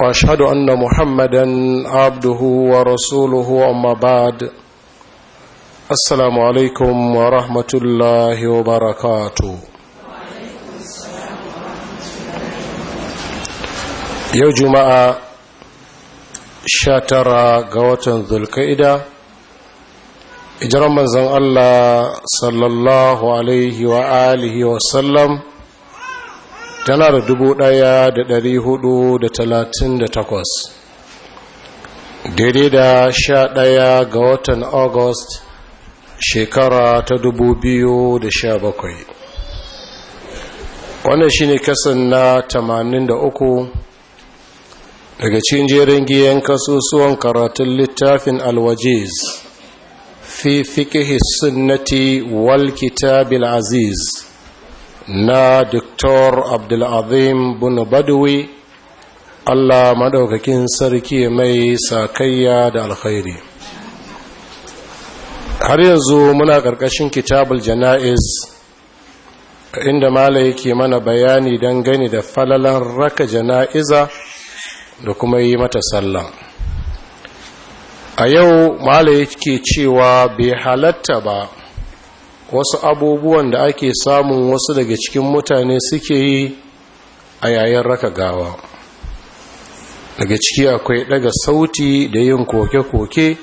واشهد ان محمدا عبده ورسوله اما بعد السلام عليكم ورحمه الله وبركاته yau juma'a tara ga watan zulka'ida ijiran manzan allah sallallahu alaihi wa alihi wasallam tana da dubu ɗaya da ɗari hudu da talatin da takwas daidai da sha ɗaya ga watan august shekara ta dubu biyu da sha bakwai wannan shine kasan na tamanin da uku daga cikin jerin giyan kasusuwan karatun littafin alwajiz fi fikihi sunnati wal kitabil aziz na diktor Abdulazim bin Badawi Allah Maɗaukakin sarki mai sakayya da alkhairi har yanzu muna ƙarƙashin kitabul jana'iz inda mala yake mana bayani gani da falalan raka jana'iza da kuma yi mata sallah a yau mala yake cewa bai halatta ba wasu abubuwan da ake samun wasu daga cikin mutane suke yi a yayin raka gawa daga ciki akwai daga sauti da yin koke-koke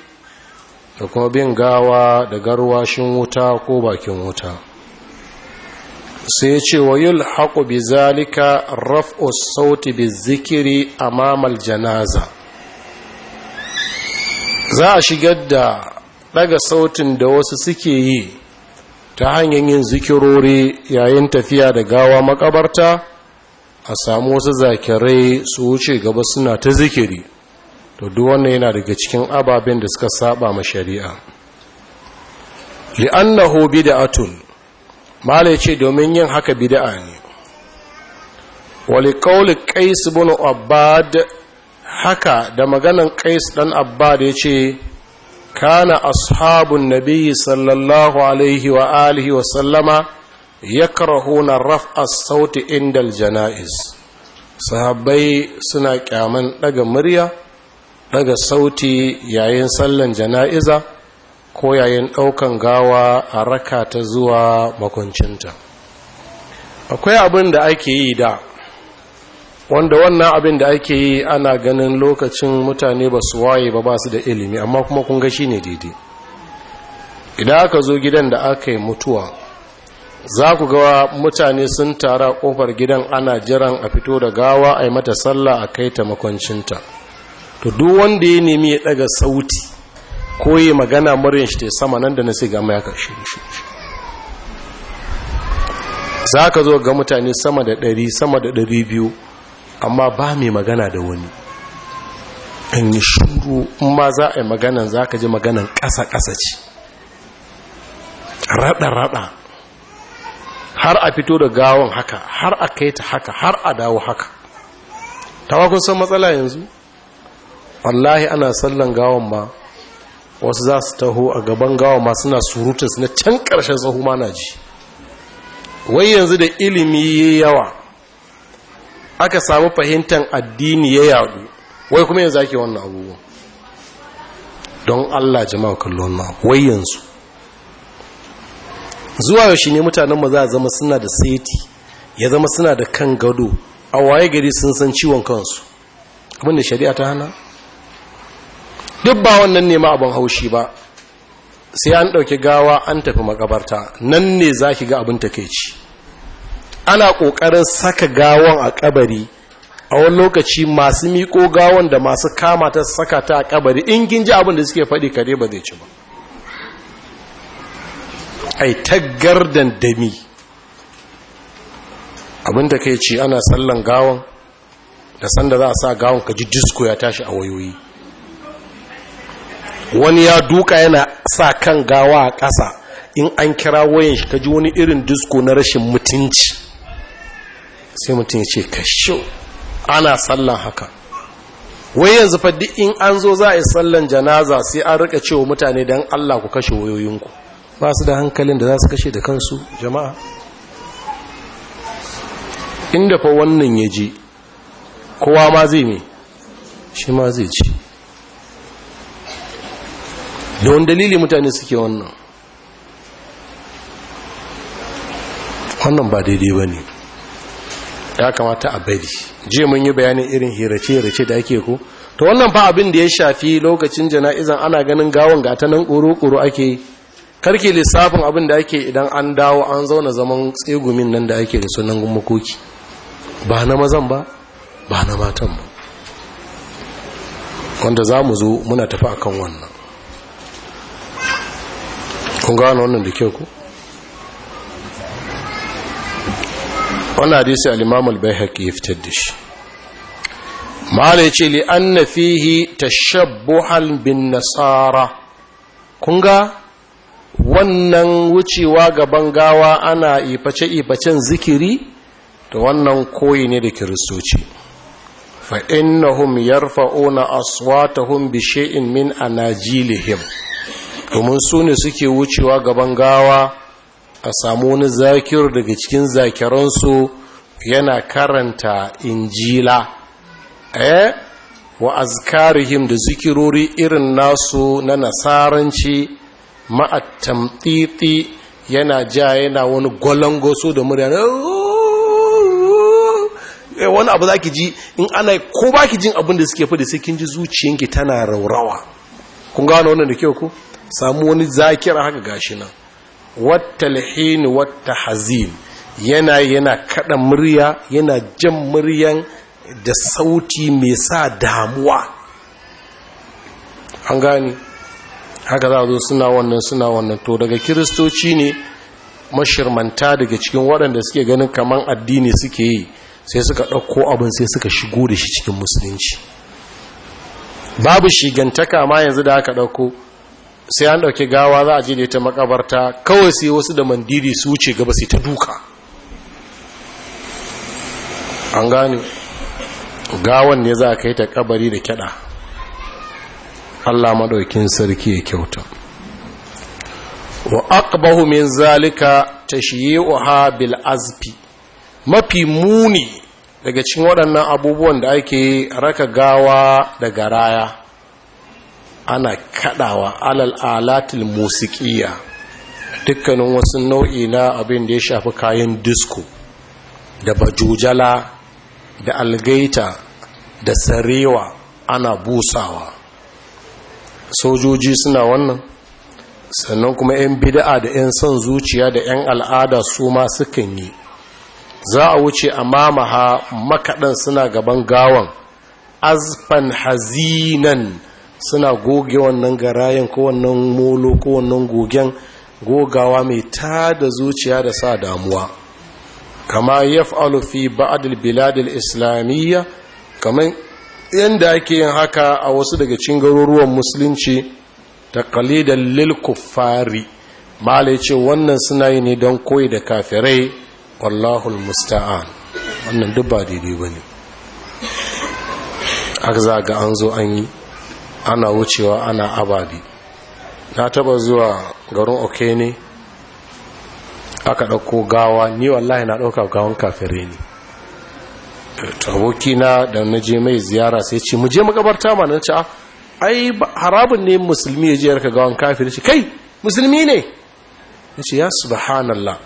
da kuma bin gawa da garwashin wuta ko bakin wuta sai ce wa yul haƙo bi zalika raf'o sauti bi zikiri a mamal janaza za a shigar da daga sautin da wasu suke yi ta hanyar yin zikirori yayin tafiya da gawa makabarta a samu wasu zakirai su wuce gaba suna ta zikiri to duk wannan yana daga cikin ababen da suka saba ma shari'a li'annahu bid'atun malai ce domin yin haka bid'a ne wali qawli qais ibn abbad haka da maganan qais dan abbad yace kana ashabun Nabiyyu sallallahu alaihi wa alihi wa sallama yakrahuna raf'a sauti inda janaiz Sahabai suna kyaman ɗaga murya ɗaga sauti yayin sallan jana'iza ko yayin ɗaukan gawa a raka ta zuwa makuncinta akwai abin da ake yi da wanda wannan abin da ake yi ana ganin lokacin mutane ba su waye ba ba su da ilimi amma kuma kun ga ne daidai idan aka zo gidan da aka yi mutuwa za ku ga mutane sun tara kofar gidan ana jiran a fito da gawa a yi mata sallah a kai ta makoncinta to duk wanda ya nemi ya daga sauti ko yi magana murin shi ta sama nan da na sai gama ya karshe shi za ka zo ga mutane sama da ɗari sama da ɗari biyu amma ba mai magana da wani in yi shuru in ma za a yi maganan za ka ji maganan ƙasa-ƙasa ce raɗa-raɗa har a fito da gawon haka har a kai ta haka har a dawo haka tawakun san matsala yanzu wallahi ana sallan gawon ma wasu za su taho a gaban gawon ma suna surutun na can ƙarshen tsohu ma na ji wai yanzu da ilimi yawa aka samu fahimtar addini ya yadu wai kuma yanzu ake wannan abubuwan don allah jama'a kallon ma wai yanzu zuwa yaushe ne mutanen maza a zama suna da seti ya zama suna da kan gado a waye gari sun san ciwon kansu Kuma da shari'a ta hana duk ba wannan ne ma abin haushi ba sai an ɗauki gawa an tafi makabarta nan ne za ki ga abin takeici ana ƙoƙarin saka gawon a ƙabari a wani lokaci masu miko gawon da masu kama ta saka ta a ƙabari in ginji abin da suke faɗi kare ba zai ci ba ai taggar dandami abin da kai ce ana sallan gawon da sanda za a sa gawon ka ji disko ya tashi a wayoyi wani ya duka yana sa kan gawa a ƙasa in an kira wayan shi ka ji wani irin disko na rashin mutunci sai mutum ya ce kasho ana sallan haka wai yanzu fa duk in an zo za a yi sallan janaza sai an rika cewa mutane don Allah ku kashe wayoyinku ba su da hankalin da za su kashe da kansu jama'a inda fa wannan ya ji kowa ma zai me shi ma zai ci da wani dalili mutane suke wannan wannan ba daidai ba ne ya kamata a bari je mun yi bayanin irin hirace-hirace da ake ku to wannan fa abin da ya shafi lokacin jana'izan ana ganin gawon gata nan ƙuru-ƙuru ake karki lissafin abin da ake idan an dawo an zauna zaman tsegumin nan da ake da sunan makoki ba na mazan ba ba na matan ba wanda za mu zo muna tafi akan wannan kun gano wannan da kyau ku wannan hadisi al-imam al-baihaqi ya fitar da shi mala yace li anna fihi tashabbuhan bin nasara kun ga wannan wucewa gaban gawa ana iface ifacen zikiri to wannan koyi ne da kiristoci fa innahum yarfa'una aswatahum bi shay'in min anajilihim domin sune suke wucewa gaban gawa a samu wani zakir daga cikin zakiransu yana karanta injila eh wa azkarihim da zikirori irin nasu na nasaranci ma'attamtiti yana ja yana wani gwalangoso da murya eh, wani abu za ki ji in ana ko ba ki jin abin da suke fadi sai kin ji zuciyanki tana raurawa kun gano wannan da kyau ku samu wani zakira haka gashi nan watta hazin yana yana kada murya yana jan muryan da sauti mai sa damuwa an gani haka za a zo suna wannan suna wannan to daga kiristoci ne mashirmanta daga cikin waɗanda suke ganin kamar addini suke yi sai suka ɗauko abin sai suka shigo da shi cikin musulunci babu shigantaka ma yanzu da haka ɗauko sai an dauke gawa za a je da ita makabarta kawai sai wasu da mandiri su wuce gaba sai ta duka an gane gawan ne za a kai ta kabari da kyada Allah madaukin sarki ya kyauta wa aqbahu min zalika tashyi'uha bil azfi mafi muni daga cikin waɗannan abubuwan da ake raka gawa da garaya ana kadawa alal alatil musikiya dukkanin wasu nau'i na abin da ya shafi kayan disko da bajujala da algaita da sarewa ana busawa sojoji suna wannan sannan kuma 'yan bida'a da 'yan son zuciya da 'yan al'ada su ma sukan yi za a wuce a mamaha makaɗan suna gaban gawan azfan hazinan suna goge wannan garayen ko wannan molo ko wannan gogen gogawa mai tada zuciya da sa damuwa kama yaf'alu fi ba'dil biladil islamiyya kaman yanda ake yin haka a wasu daga cikin garuruwan musulunci taqlidan lil kuffari mala ce wannan suna yi ne don koyi da kafirai wallahul musta'an wannan duk ba daidai bane ne. za ga an zo an yi ana wucewa ana ababi na taba zuwa garin okene aka ɗauko gawa ni wallahi na ɗauka gawan kafirai ne abokina da na je mai ziyara sai ce mu je makabarta ma na ce ah, ai harabin ne musulmi ya je yarka gawan kafiri shi kai musulmi ne ya ce ya subhanallah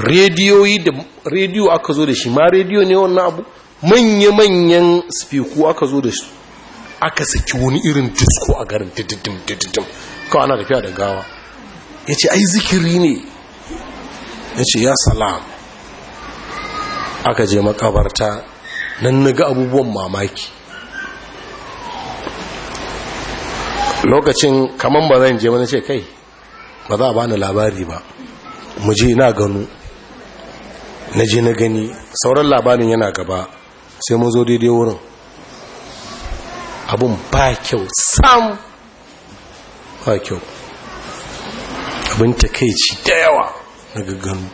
rediyoyi da rediyo aka zo da shi ma rediyo ne wannan abu manya-manyan spiku aka zo da shi aka saki wani irin disko a garin dididim dididim kawai ana tafiya da gawa ya ce ai zikiri ne ya ce ya salam aka je makabarta nan na abubuwan mamaki lokacin kamar ba zan je mana ce kai ba za a bani labari ba mu je na gano na je na gani sauran labarin yana gaba sai mu zo daidai wurin abun ba kyau sam ba kyau abin takeici da yawa na gaggano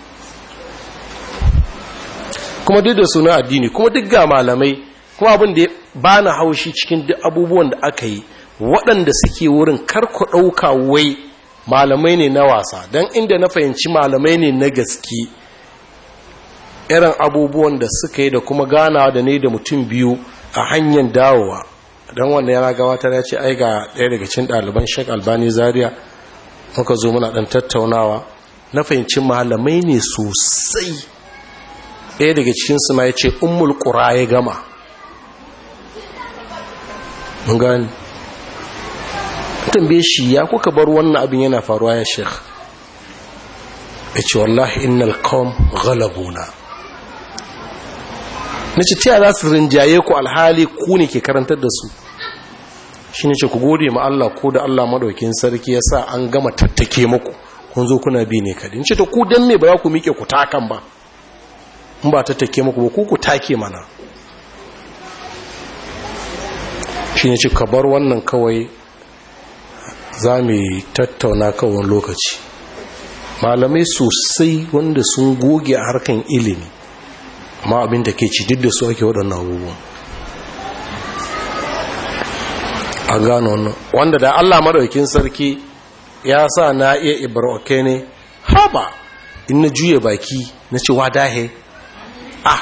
kuma duk da suna addini kuma duk ga malamai kuma abin da ba na haushi cikin duk abubuwan da aka yi waɗanda suke wurin ku ɗauka wai malamai ne na wasa don inda na fahimci malamai ne na gaske irin abubuwan da suka yi da kuma gana da ne da mutum biyu a hanyar dawowa don wanda yana gabatar ya ce ai ga ɗaya daga cin ɗaliban shek albani zaria muka zo muna ɗan tattaunawa na fahimci mahallamai ne sosai ɗaya daga cikinsu ma ya ce ummul ƙura ya gama mun gani tambaye shi ya kuka bar wannan abin yana faruwa ya shek ya ce wallahi innal qawm ghalabuna na ce tiya za su rinjaye ku alhali ku ne ke karantar da su shi ne ce ku gode ma Allah ko da Allah maɗaukin sarki ya sa an gama tattake muku kun zo kuna bi ne kadin ce ta ku dan me ba za ku miƙe ku takan ba in ba tattake muku ba ku ku take mana shi ne ce ka bar wannan kawai za mu tattauna kawai lokaci malamai sosai wanda sun goge harkan ilimi ma abin da ke ci duk da su ake waɗannan abubuwan a gano wannan wanda da Allah madaukin sarki ya sa na iya ibra'oke ne haba in na juye baki na ce wa dahe ah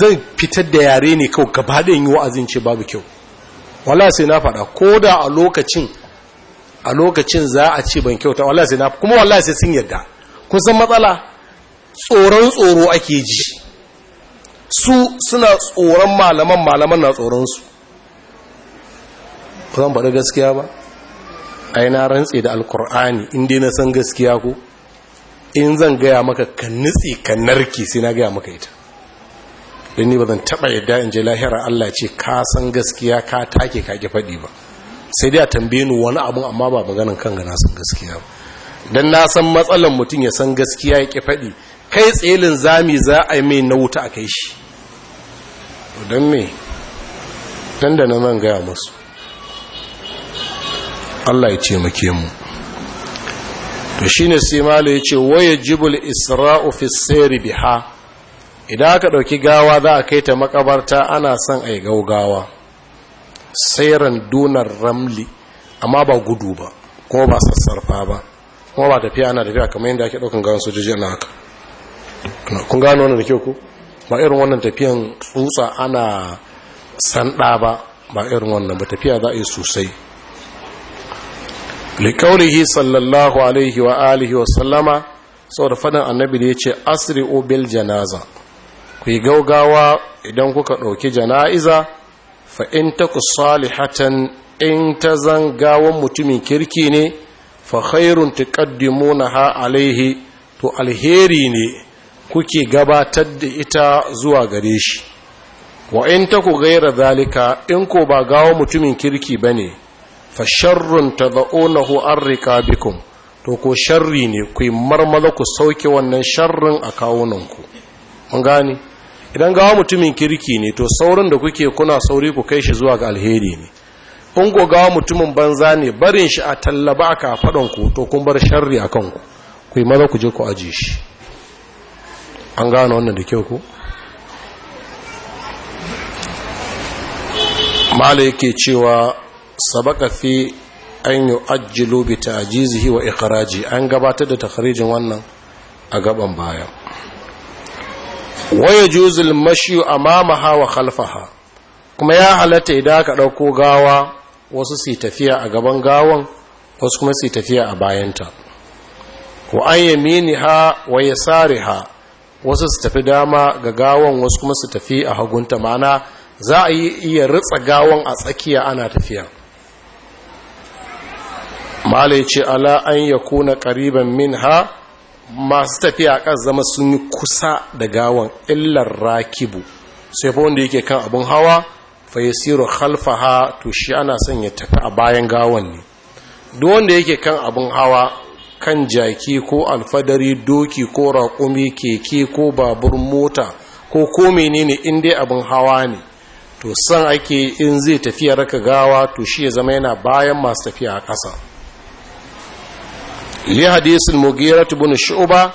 zan fitar da yare ne kawai da yi wa'azin ce babu kyau wala sai na faɗa ko da a lokacin a lokacin za a ce ban kyauta wala sai na kuma wala sai sun yarda kusan matsala tsoron tsoro ake ji su suna tsoron malaman malaman na tsoronsu zan faɗi gaskiya ba yi na rantse da alkur'ani in dai na san gaskiya ko in zan gaya maka ka nutsi ka narki sai na gaya maka ita don ni ba zan taɓa yadda in je lahira Allah ce ka san gaskiya ka take ka ki faɗi ba sai dai a tambaye ni wani abun amma ba maganan kan ga na san gaskiya ba don na san matsalan mutum ya san gaskiya ya ki faɗi kai tselin zami za a yi mai na wuta a kai shi don me don na zan gaya musu Allah ya ce muke mu to shine sai malai yace wayajibul isra'u fi sayri biha idan aka dauki gawa za a kai ta makabarta ana son ai gaugawa sayran dunar ramli amma ba gudu ba ko ba sassarfa ba kuma ba tafiya ana tafiya kamar yadda ake daukan gawan sojoji na haka kun gano wannan da kyau ku ba irin wannan tafiyan tsutsa ana sanda ba ba irin wannan ba tafiya za a yi sosai liƙaurihi sallallahu alaihi wa alihi wa sallama saboda da faɗin annabi da ya ce asiri obil janaza ku yi gaugawa idan kuka ɗauki jana'iza fa in ta ku salihatan in ta zangawan mutumin kirki ne fa khairun tuqaddimu na ha alaihi to alheri ne kuke gabatar da ita zuwa gare shi wa in ta ku gaira zalika in ko ba gawo mutumin kirki ba ne fa sharrun an arrika bikum to ko sharri ne ku marmala ku sauke wannan sharrin a kawunanku mun gane idan gawa mutumin kirki ne to saurin da kuke kuna sauri ku kai shi zuwa ga alheri ne in ko gawa mutumin banza ne barin shi a tallaba a kafaɗanku. ku to kun bar sharri a kanku ku yi maza ku je ku aje shi an gane wannan da kyau ku mala yake cewa sabaka fi an yi ajiyar bi ta'ajizihi wa ikiraji an gabatar da takharijin wannan a gaban baya waya juzul mashi mamaha wa khalfaha kuma ya halatta idan aka ɗauko gawa wasu su tafiya a gaban gawan wasu kuma su tafiya a bayanta wa an yamini ha wa yasari ha wasu su tafi dama ga gawan wasu kuma su tafi a hagunta ma'ana za a yi iya ritsa gawan a tsakiya ana tafiya mala ya ce ala an ya kuna ƙariban min ha masu tafiya a zama sun yi kusa da gawan illar rakibu sai fa wanda yake kan abin hawa fa ya siro ha to shi ana son ya tafi a bayan gawan ne duk wanda yake kan abin hawa kan jaki ko alfadari doki ko raƙumi keke ko babur mota ko ko menene in dai abin hawa ne to san ake in zai tafiya raka gawa to shi ya zama yana bayan masu tafiya a ƙasa li hadisin mugira bin shu'ba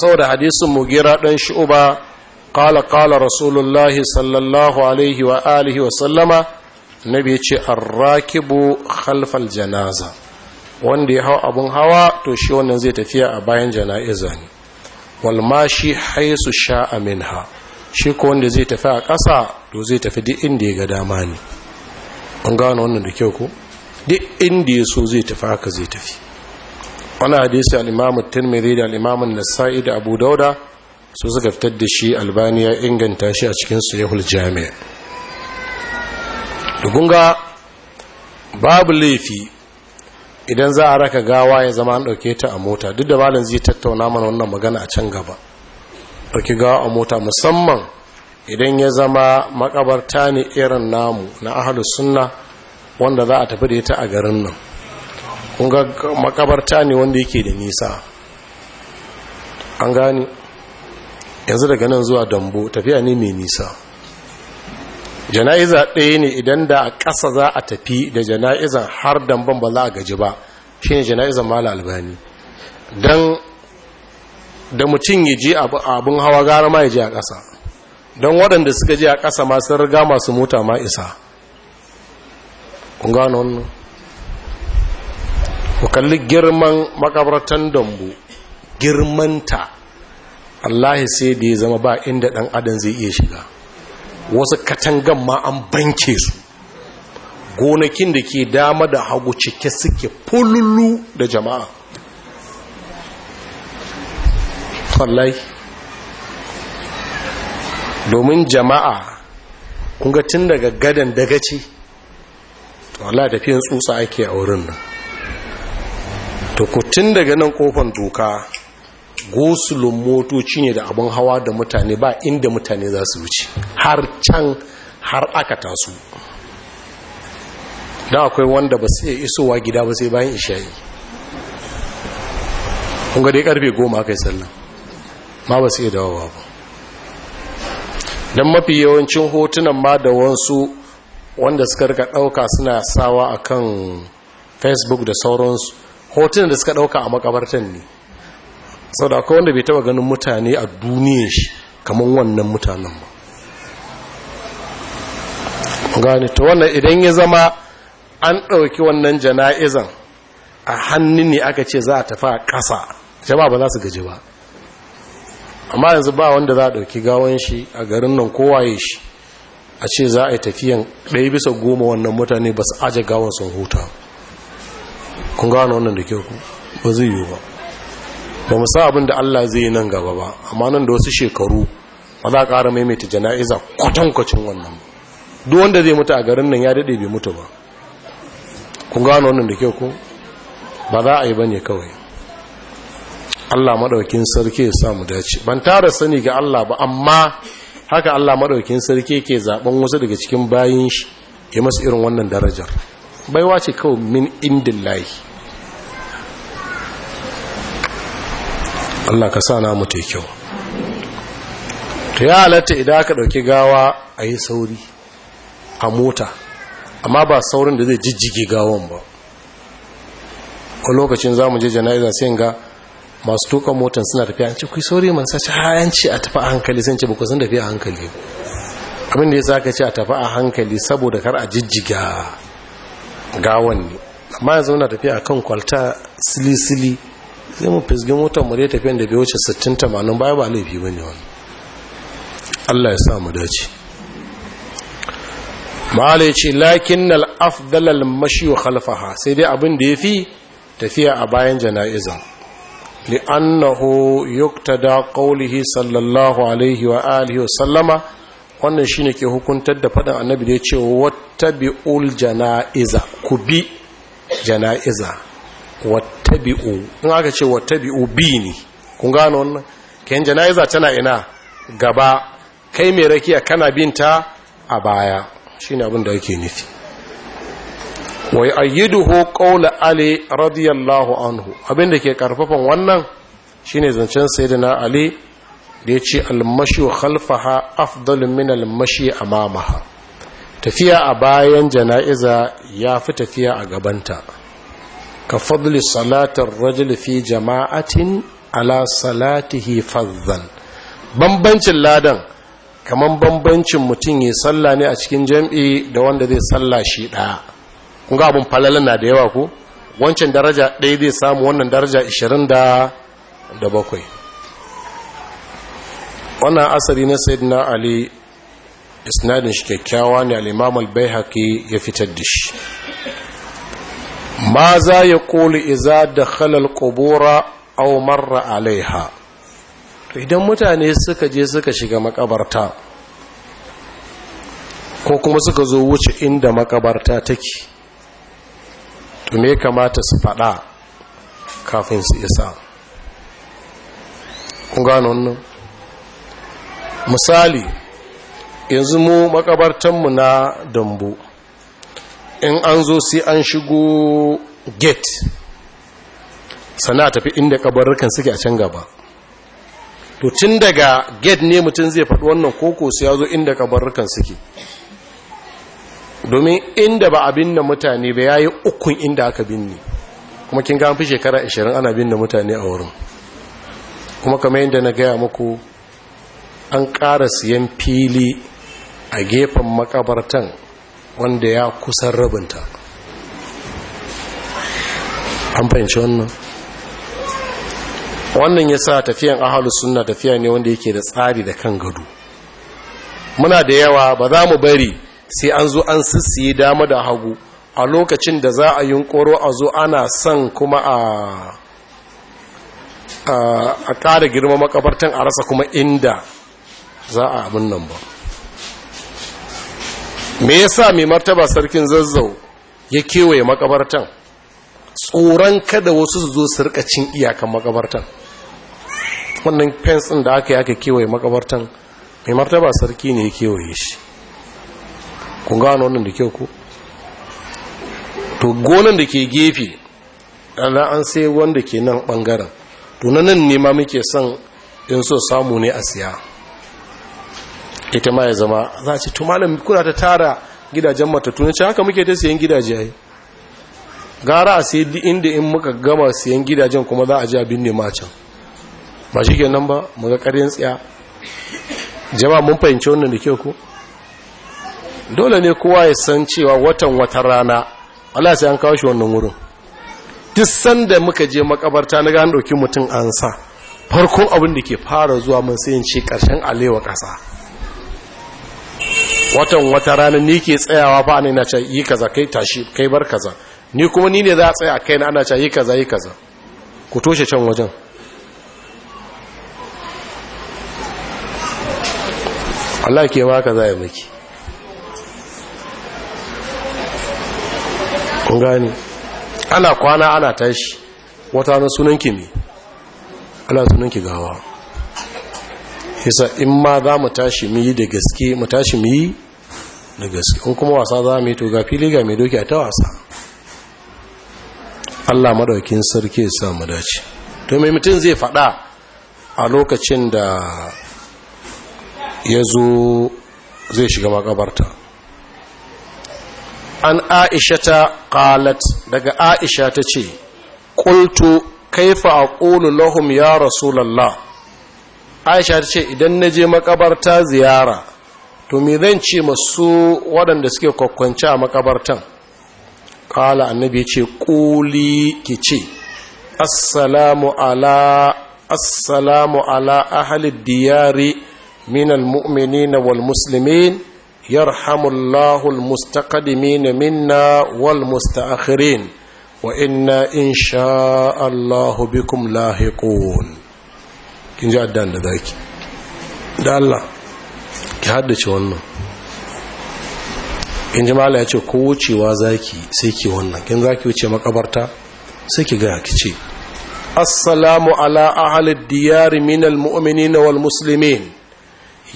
saboda hadisin mugira ɗan shu'ba qala qala rasulullahi sallallahu alaihi wa alihi wa sallama nabi ce arrakibu khalfal janaza wanda ya hau abun hawa to shi wannan zai tafiya a bayan jana'iza ne wal mashi haisu sha'a minha shi ko wanda zai tafi a ƙasa to zai tafi duk inda ya ga dama ne an gano wannan da kyau ko duk inda ya so zai tafi haka zai tafi wani hadisi al'imamu tirmidhi da al'imamun nasa'i da abu dauda su suka fitar da shi albaniya inganta shi a cikin su yahul jami'a dugunga babu laifi idan za a raka gawa ya zama an ɗauke ta a mota duk da balin zai tattauna mana wannan magana a can gaba ɗauki gawa a mota musamman idan ya zama makabarta ne irin namu na ahalus sunna wanda za a tafi da ita a garin nan Kunga makabarta ne wanda yake da nisa an gani yanzu daga nan zuwa dambo tafiya ne mai nisa jana'iza ɗaya ne idan da a ƙasa za a tafi da jana'izan har damban ba za a gaji ba shi ne jana'izan mala albani don da mutum ya ji abin hawa gara ma ya ji a ƙasa don waɗanda suka ji a ƙasa masu riga masu mota ma isa ƙunga wannan ku kalli girman makabartan dambu girmanta allahi sai da ya zama ba inda dan adam zai iya shiga wasu katangan ma an banke su gonakin da ke dama da hagu cike suke fululu da jama'a fallai domin jama'a kunga tun daga gadan daga ce wala tafiyan tsutsa ake a wurin nan to kutun daga nan kofan doka gosulun motoci ne da abin hawa da mutane ba inda mutane za su wuce har can har aka taso da akwai wanda ba su isowa gida ba sai bayan isha'i kunga dai karfe goma aka yi sallan ma ba su iya dawowa ba don mafi yawancin hotunan ma da wansu wanda suka rika ɗauka suna sawa akan facebook da sauransu hotunan da suka dauka a makabartan ne sau da akwai wanda bai taba ganin mutane a duniya shi kamar wannan mutanen ba gane ta wannan idan ya zama an ɗauki wannan jana'izan a hannun ne aka ce za a tafi a ƙasa jama'a ba za su gaji ba amma yanzu ba wanda za a ɗauki gawon shi a garin nan kowaye shi a ce za a yi tafiyan ɗaya bisa goma wannan mutane ba su aje gawon sun huta kun gano wannan da ku ba zai yiwu ba ba mu sa abin da Allah zai yi nan gaba ba amma nan da wasu shekaru ba za a ƙara maimaita jana'iza kwatankwacin wannan duk wanda zai mutu a garin nan ya daɗe bai mutu ba kun gano wannan da ke ku ba za a yi ba ne kawai Allah maɗaukin sarki ya samu dace ban tara sani ga Allah ba amma haka Allah maɗaukin sarki ke zaɓen wasu daga cikin bayan shi ya masu irin wannan darajar baiwa ce kawai min indin layi Allah ka sa namu ta kyau ta ya halatta idan aka ɗauki gawa a yi sauri a mota amma ba saurin da zai jijjige gawan ba a lokacin za mu je jana'iza sai ga masu tukan motan suna tafiya an ce ku sauri man sace hayanci a tafi a hankali sun ce ba ku sun tafi a hankali abin da ya sa ka ci a tafi a hankali saboda kar a jijjiga gawan ne amma yanzu muna tafiya akan kwalta silisili sai mu fisgin motar mu dai tafiyan da bai wuce 60-80 baya ba laifi bane wannan wani Allah ya sa mu dace ma'ala ya ce lakin al mashi wa khalfaha sai dai abin da yafi tafiya a bayan jana'izan li'annahu yuktada qawlihi sallallahu alaihi wa alihi wa sallama wannan shine ke hukuntar da faɗin annabi da ya ce tabi'ul jana'iza ku bi jana'iza wattabi'u in aka ce wattabi'u bi ne kun gano wannan kayan jana'iza tana ina gaba kai mai rakiya kana binta a baya shine abin da yake nufi wa ayyiduhu qawlu ali radiyallahu anhu abin da ke karfafan wannan shine zancen sayyidina ali da ya ce al-mashu khalfaha afdalu min al amamaha tafiya a bayan jana'iza ya fi tafiya a gabanta ka fadli salatar rajul fi jama'atin ala salatihi fazzan bambancin ladan kamar bambancin mutum ya salla ne a cikin jam'i da wanda zai salla shi ɗaya kun ga abin falala na da yawa ku wancan daraja ɗaya zai samu wannan daraja 27 wannan asali na sayyidina ali isnadin shi kyakkyawa ne al'imam al ya fitar da shi ma za ya koli iza da khalal kubura au marra alaiha idan mutane suka je suka shiga makabarta ko kuma suka zo wuce inda makabarta take to me kamata su faɗa kafin su isa kun gano wannan misali yanzu mu makabartanmu na dambu in an zo sai an shigo gate sana tafi inda kabarrukan suke a can gaba to tun daga gate ne mutum zai faɗi wannan koko sai ya zo inda kabarrukan suke domin inda ba a binne mutane ba ya yi ukun inda aka binne kuma kin ga fi shekara 20 ana binne mutane a wurin kuma kamar yadda na gaya muku an ƙara siyan fili a gefen makabartan wanda ya kusan rabinta an fahimci wannan wannan ya sa tafiyan ahalus suna tafiya ne wanda yake da tsari da kan gado muna da yawa ba za mu bari sai an zo an sissiye dama da hagu a lokacin da za a yunkoro a zo ana son kuma a a ƙara girma makabartan a rasa kuma inda za a abin nan ba me yasa mai martaba sarkin zazzau ya kewaye makabartan tsoron kada wasu su zo su cin iyakan makabartan wannan fensin da aka yi aka kewaye makabartan mai martaba sarki ne ya kewaye shi kun gano wannan da kyau ko to gonan da ke gefe ɗana an sai wanda ke nan ɓangaren, tunanin nema ne ma muke son in so samu ne a siya ita ma ya zama za a ce to malam kuna ta tara gidajen matattu na ce haka muke ta siyan gidaje yi gara a sayi inda in muka gama siyan gidajen kuma za a ji abin nema can ba shi nan ba mu ga karyar tsiya jama mun fahimci wannan da kyau ku. dole ne kowa ya san cewa watan wata rana Allah sai an kawo shi wannan wurin duk sanda muka je makabarta na ga dauki mutum an sa farkon abin da ke fara zuwa mun sai in ce karshen alewa kasa watan wata rana ni ke tsayawa fa ne na ce yi kaza kai tashi kai bar kaza ni kuma ni ne za a tsaya kai na ana ce yi kaza yi kaza ku toshe can wajen Allah ke ba kaza ya miki kun gani ana kwana ana tashi wata na sunan kimi ana sunan ki gawa yasa in ma za mu tashi mu yi da gaske mu tashi mu yi da gaske ko kuma wasa za mu yi to ga fili ga mai doki a ta wasa Allah madaukin sarki ya sa mu dace to mai mutum zai faɗa a lokacin da ya zo zai shiga makabarta an aisha ta qalat daga aisha ta ce qultu kaifa aqulu lahum ya rasulullah aisha ta ce idan naje makabarta ziyara to me zan ce masu waɗanda suke kwakwance a makabartan kala annabi ce ƙuli ki ce assalamu ala assalamu ala ahalid diyari minal na wal muslimin yarhamullahu al na minna wal mustaakhirin wa inna insha Allah bikum lahiqun kin ji addan da zaki da Allah ki haddace wannan in jimala ya ce ko wucewa zaki sai ki wannan kin zaki wuce makabarta sai ki gaya ki ce assalamu ala ahalid diyar min almu'minina wal muslimin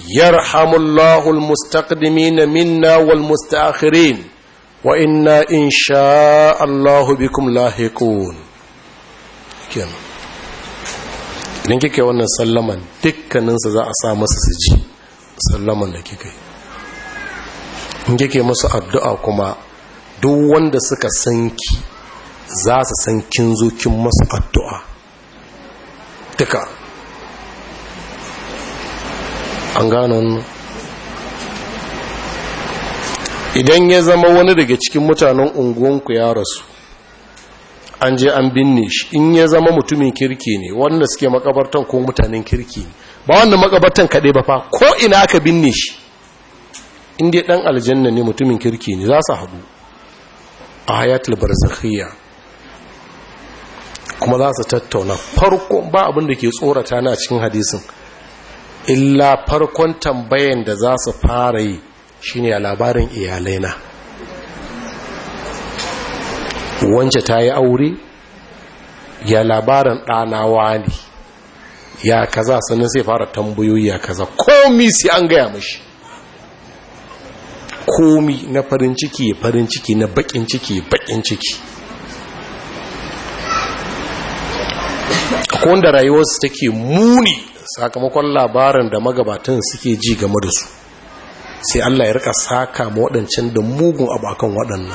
yarhamullahu na minna wal mustaakhirin wa inna insha Allahu bikum lahiqun kenan idan kike wannan sallaman dukkaninsa za a sa masa su ji sallaman da kika yi in kike musu addu'a kuma duk wanda suka san ki za su san kin zo kin musu addu'a duka an gano idan ya zama wani daga cikin mutanen unguwanku ya rasu an je an binne shi in ya zama mutumin kirki ne wanda suke makabartan ko mutanen kirki ne ba wannan makabartan kaɗai ba fa ko ina aka binne shi inda ɗan aljanna ne mutumin kirki ne za su haɗu a hayatul barzakhiya. kuma za su tattauna farko ba abin da ke tsorata na cikin hadisin illa farkon tambayan da za su fara yi shine a labarin iyalaina wance ta yi aure ya labarin ɗanawa ne ya kaza sannan sai fara tambayoyi ya kaza komi sai an gaya mashi komi na farin ciki farin ciki na bakin ciki bakin ciki wanda rayuwarsu take muni sakamakon labarin da magabatan suke ji game da su sai Allah ya rika saka ma waɗancan da mugun abu akan waɗannan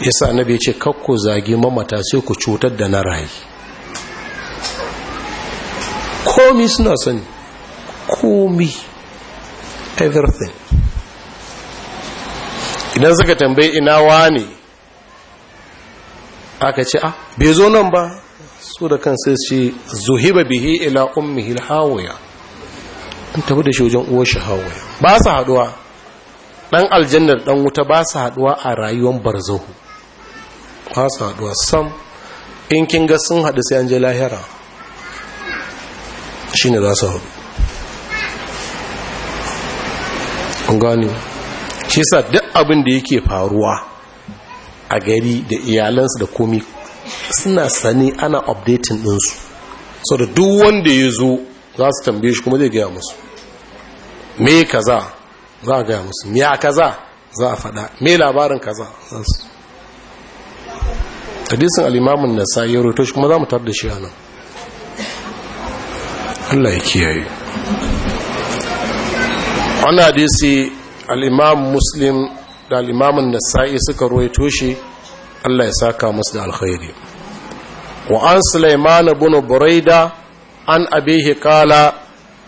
yasa na ya ce kakko zagi mamata sai ku cutar da na rayu komi suna sani komi everything idan suka tambayi ina wani aka ce a ah, bai zo nan ba su da kan sai ce zuhiba bihi ila ummihi hawaya an tafi da shi wajen uwar shi hawaya ba su haduwa dan aljannar dan wuta ba su haduwa a rayuwar barzahu ba su haduwa sam in kin ga sun hadu sai an je lahira ne za su hau gani shi sa duk abin da yake faruwa a gari da iyalansu da komi suna sani ana updating ɗinsu so da duk wanda ya zo za su tambaye shi kuma zai gaya musu me kaza za a gaya musu miya kaza za a faɗa me labarin kaza za su hadisun alimamin nasa ya roto shi kuma za mu tar da shi a nan Allah ya kiyaye wani hadisi al'imam muslim da al'imamun nasa'i suka ruwaito shi Allah ya saka musu da alkhairi wa an sulaiman ibn buraida an abihi kala,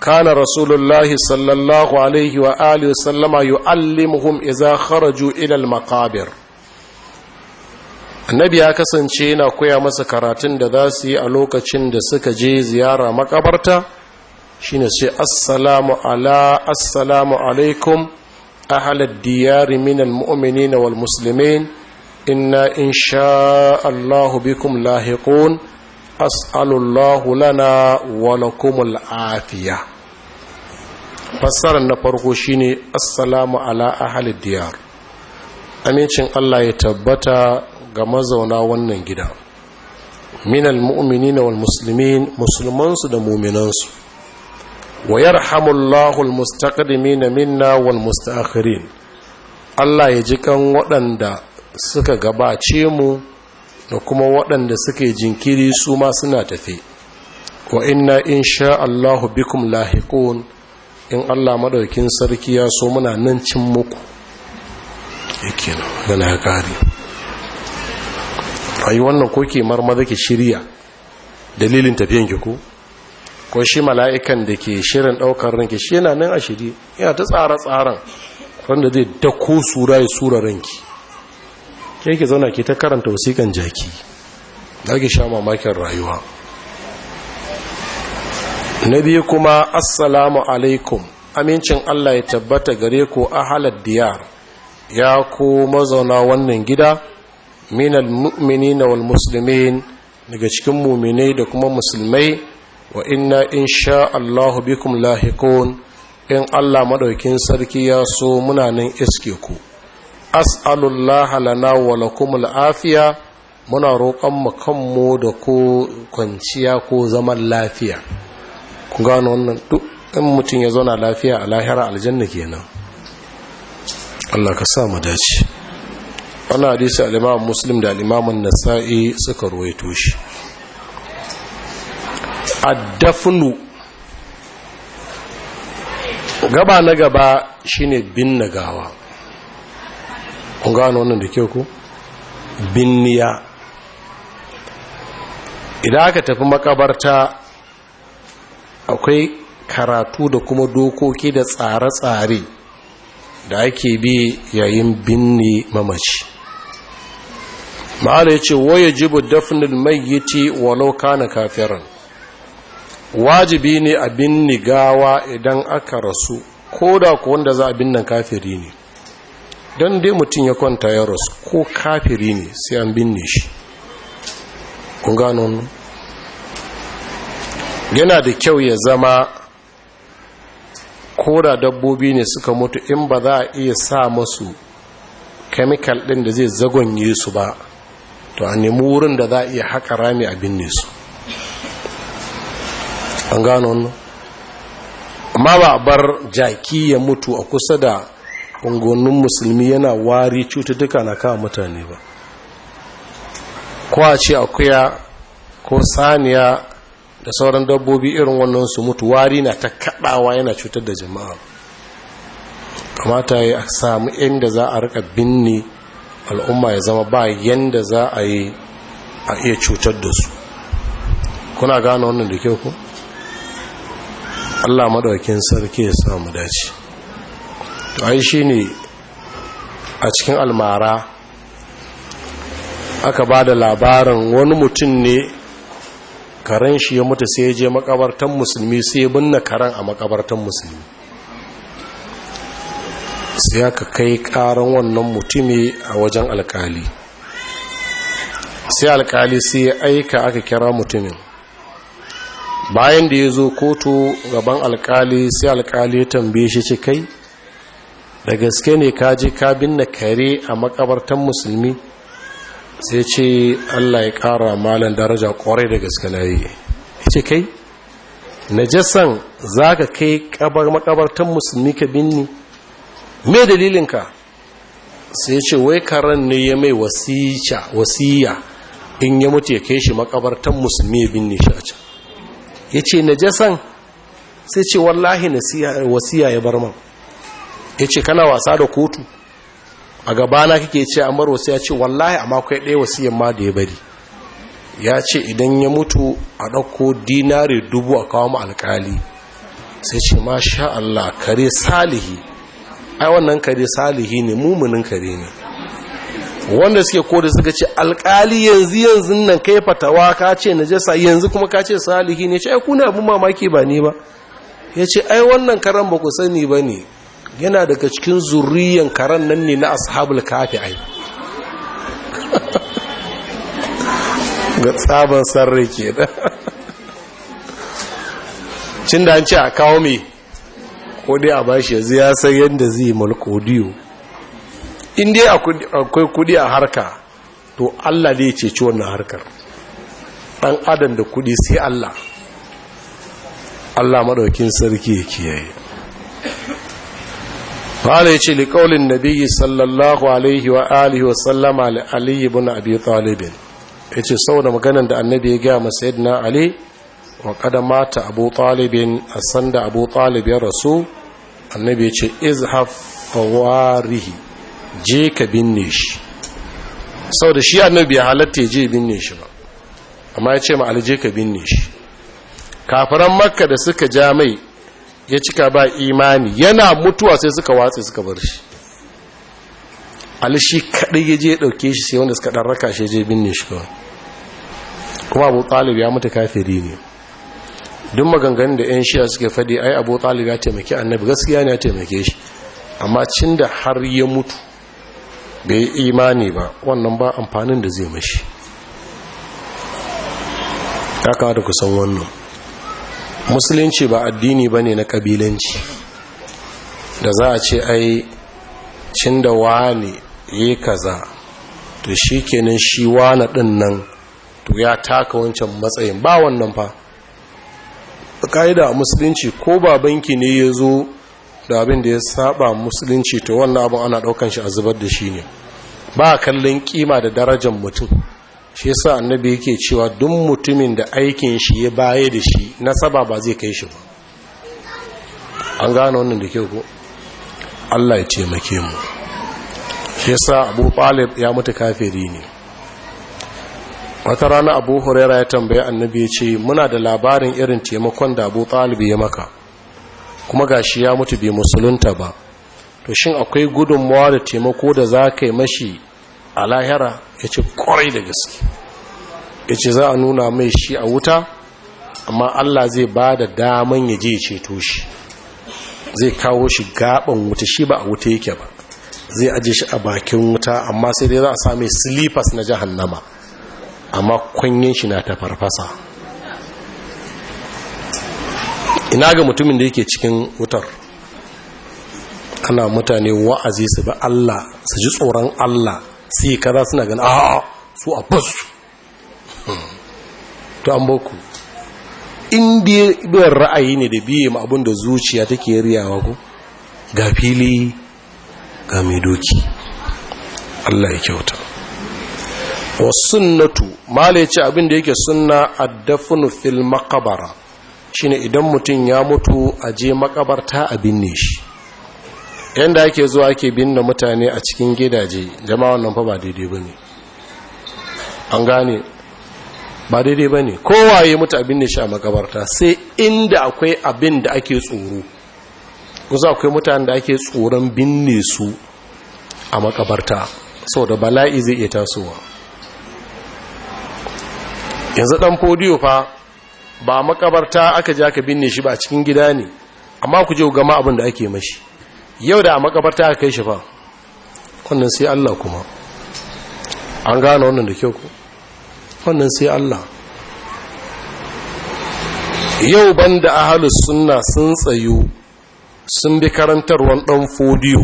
kana rasulullahi sallallahu alaihi wa alihi wa sallama yu'allimuhum idza kharaju ila al annabi ya kasance yana koya masa karatun da za su yi a lokacin da suka je ziyara makabarta ne sai assalamu ala assalamu alaikum ahlad diyari min wal inna insha Allahu bikum lahiqun as'alullahu lana wa lakumul afiya fassarar na farko shine assalamu ala ahlid diyar amincin Allah ya tabbata ga mazauna wannan gida minal na wal muslimin musulmansu da muminansu wa yarhamullahu al mustaqdimina minna wal mustaakhirin Allah ya ji kan waɗanda suka gabace mu da kuma waɗanda suka yi jinkiri su ma suna tafe wa inna insha Allahu bikum lahiqun in Allah maɗaukin sarki ya so muna nan cin muku yake nan gana ya fayi wannan ko ke marmaza ke shirya dalilin tafiyan ki ko ko shi mala'ikan da ke shirin daukar ranki shi yana nan a shiri yana ta tsara tsaran wanda zai dako sura ya sura ranki ke ke zauna ke ta karanta wasiƙan jaki da ke sha mamakin rayuwa na biyu kuma assalamu alaikum amincin Allah ya tabbata gare ku ahalar diyar ya ku mazauna wannan gida minal mu'minina wal muslimin daga cikin muminai da kuma musulmai wa inna insha Allahu bikum lahikun in Allah maɗaukin sarki ya so muna nan iske ku as'alullaha lana wa lakum al'afiya muna roƙon mu kanmu da ko kwanciya ko zaman lafiya ku gano wannan duk in mutum ya zauna lafiya a lahira aljanna kenan Allah ka sa mu dace wani hadisi alimamin muslim da alimamin nasa'i suka ruwaito shi addafinu gaba na gaba shine bin na gawa kun gano wannan da ke ku binniya idan aka tafi makabarta akwai karatu da kuma dokoki da tsare-tsare da ake bi yayin binne mamaci ma'ana ya yace waya jibu mai mayyiti walau kana kafiran wajibi ne a binne gawa idan aka rasu ko da ku wanda za a binne kafiri ne don dai mutum ya kwanta ya rasu ko kafiri ne sai an binne shi kun gano yana da kyau ya zama ko da dabbobi ne suka mutu in ba za a iya sa masu kemikal ɗin da zai zagonye su ba to a nemi wurin da za a iya haƙa rami a binne su an gano wannan amma ba a bar jaki ya mutu a kusa da ungonin musulmi yana wari cututtuka na kawo mutane ba ko a ce akuya ko saniya da sauran dabbobi irin wannan su mutu wari na ta kaɗawa yana cutar da jama'a kamata ya samu inda za a rika binne al'umma ya zama ba yanda za a yi a iya cutar da su kuna gane wannan da ke ku Allah maɗaukin sarki ya samu dace to ai ne a cikin almara aka ba da labarin wani mutum ne karen shi ya mutu sai ya je makabartan musulmi sai ya binne karen a makabartan musulmi sai aka kai karan wannan mutumi a wajen alkali sai alkali sai ya aika aka kira mutumin bayan da ya zo kotu gaban alkali sai alkali ya tambaye shi ce kai da gaske ne ka je ka binne kare a makabartan musulmi sai ce allah ya kara malin daraja kwarai da gaske na yi ce kai najasan za ka kai makabartan musulmi ka binne me dalilinka sai ce wai karen ne ya mai wasiya in ya mutu ya kai shi makabartan musulmi ya binne shi a can ya ce na jasan sai ce wallahi na wasiya ya bar man ya ce kana wasa da kotu a gabana kake ce amar wasiya ce wallahi amma kai ɗaya wasiyan ma da ya bari ya ce idan ya mutu a ɗauko dinari dubu a kawo alkali sai ce masha Allah kare salihi ai wannan kare salihi ne mumunin kare ne wanda suke koda suka ce alkali yanzu yanzu nan kai fatawa ka ce najasa yanzu kuma ka ce salihi ne shi ai kuna abin mamaki ba ne ba ya ce ai wannan karen ba ku sani ba ne yana daga cikin zurriyan karen nan ne na ashabul kafi ai ga tsaban sarri da cin da an ce a kawo mai ko dai a bashi yanzu ya san yadda zai yi malkodiyo in dai akwai kudi a harka to allah ne ce ci wannan harkar ɗan adam da kudi sai allah allah maɗaukin sarki ya kiyaye fara ce liƙaunin nabi sallallahu alaihi wa alihi wa sallama ali ibn abi talibin ya ce sau da maganan da annabi ya gaya masa yadda ali wa kada mata abu talibin a sanda abu talib ya rasu annabi ya ce izhaf fawarihi je ka binne shi sau da shi annabi ya halatta je binne shi ba amma ya ce ma alje ka binne shi kafiran makka da suka ja mai ya cika ba imani yana mutuwa sai suka watse suka bar shi alishi kaɗai ya je ɗauke shi sai wanda suka ɗan raka shi je binne shi ba kuma abu talib ya mutu kafiri ne duk maganganun da 'yan shiya suke fadi ai abu talib ya taimake, annabi gaskiya ne ya taimake shi amma cin da har ya mutu bai imani ba wannan ba amfanin da zai mashi ya kamata ku san wannan musulunci ba addini ba ne na ƙabilanci da za a ce ai cin da wani ya kaza to shi kenan shi wani ɗin nan to ya taka wancan matsayin ba wannan fa ƙa'ida a musulunci ko babanki ne ya zo da abin da ya saba musulunci to wannan abin ana ɗaukan shi a zubar da shi ne ba kallon kima da darajar mutum shi yasa annabi yake cewa duk mutumin da aikin shi ya baye da shi na saba ba zai kai shi ba an gane wannan da kyau ko Allah ya ce mu shi yasa Abu Talib ya mutu kafiri ne wata rana abu huraira ya tambayi annabi ya ce muna da labarin irin taimakon da abu talibi ya maka kuma ga shi ya mutu bai musulunta ba to shin akwai gudunmawa da taimako da za ka yi mashi a lahira ya ce kwarai da gaske ya ce za a nuna mai shi a wuta amma allah zai ba da daman ya je ceto shi zai kawo shi gaban wuta shi ba a wuta yake ba zai aje shi a bakin wuta amma sai dai za a sami silifas na jahannama amma kwanyen shi na ta ina ga mutumin da yake cikin wutar ana mutane wa'azi su ba Allah su ji tsoron Allah su yi kaza suna gani a su a basu hmm. to an boku inda biyar ra'ayi ne da biye abin da zuciya take riyawa ku ga fili ga mai doki Allah ya kyauta wa sunnatu mala ce abin da yake sunna addafunu fil makabara shine idan mutum ya mutu a je makabarta a binne shi yanda ake zuwa ake binne mutane a cikin gidaje jama wannan fa ba daidai ba ne. an gane ba daidai ba bane kowaye mutu a binne shi a makabarta sai inda akwai abin da ake tsoro kusa akwai mutanen da ake tsoron binne su a makabarta sau da bala'i zai iya tasowa yanzu dan fodiyo fa ba makabarta aka je aka binne shi ba cikin gida ne amma ku je ku gama abin da ake mashi yau da makabarta aka kai shi fa wannan sai Allah kuma an gane wannan da kyau ku wannan sai Allah yau banda ahalus sunna sun tsayu sun bi karantarwan dan fodiyo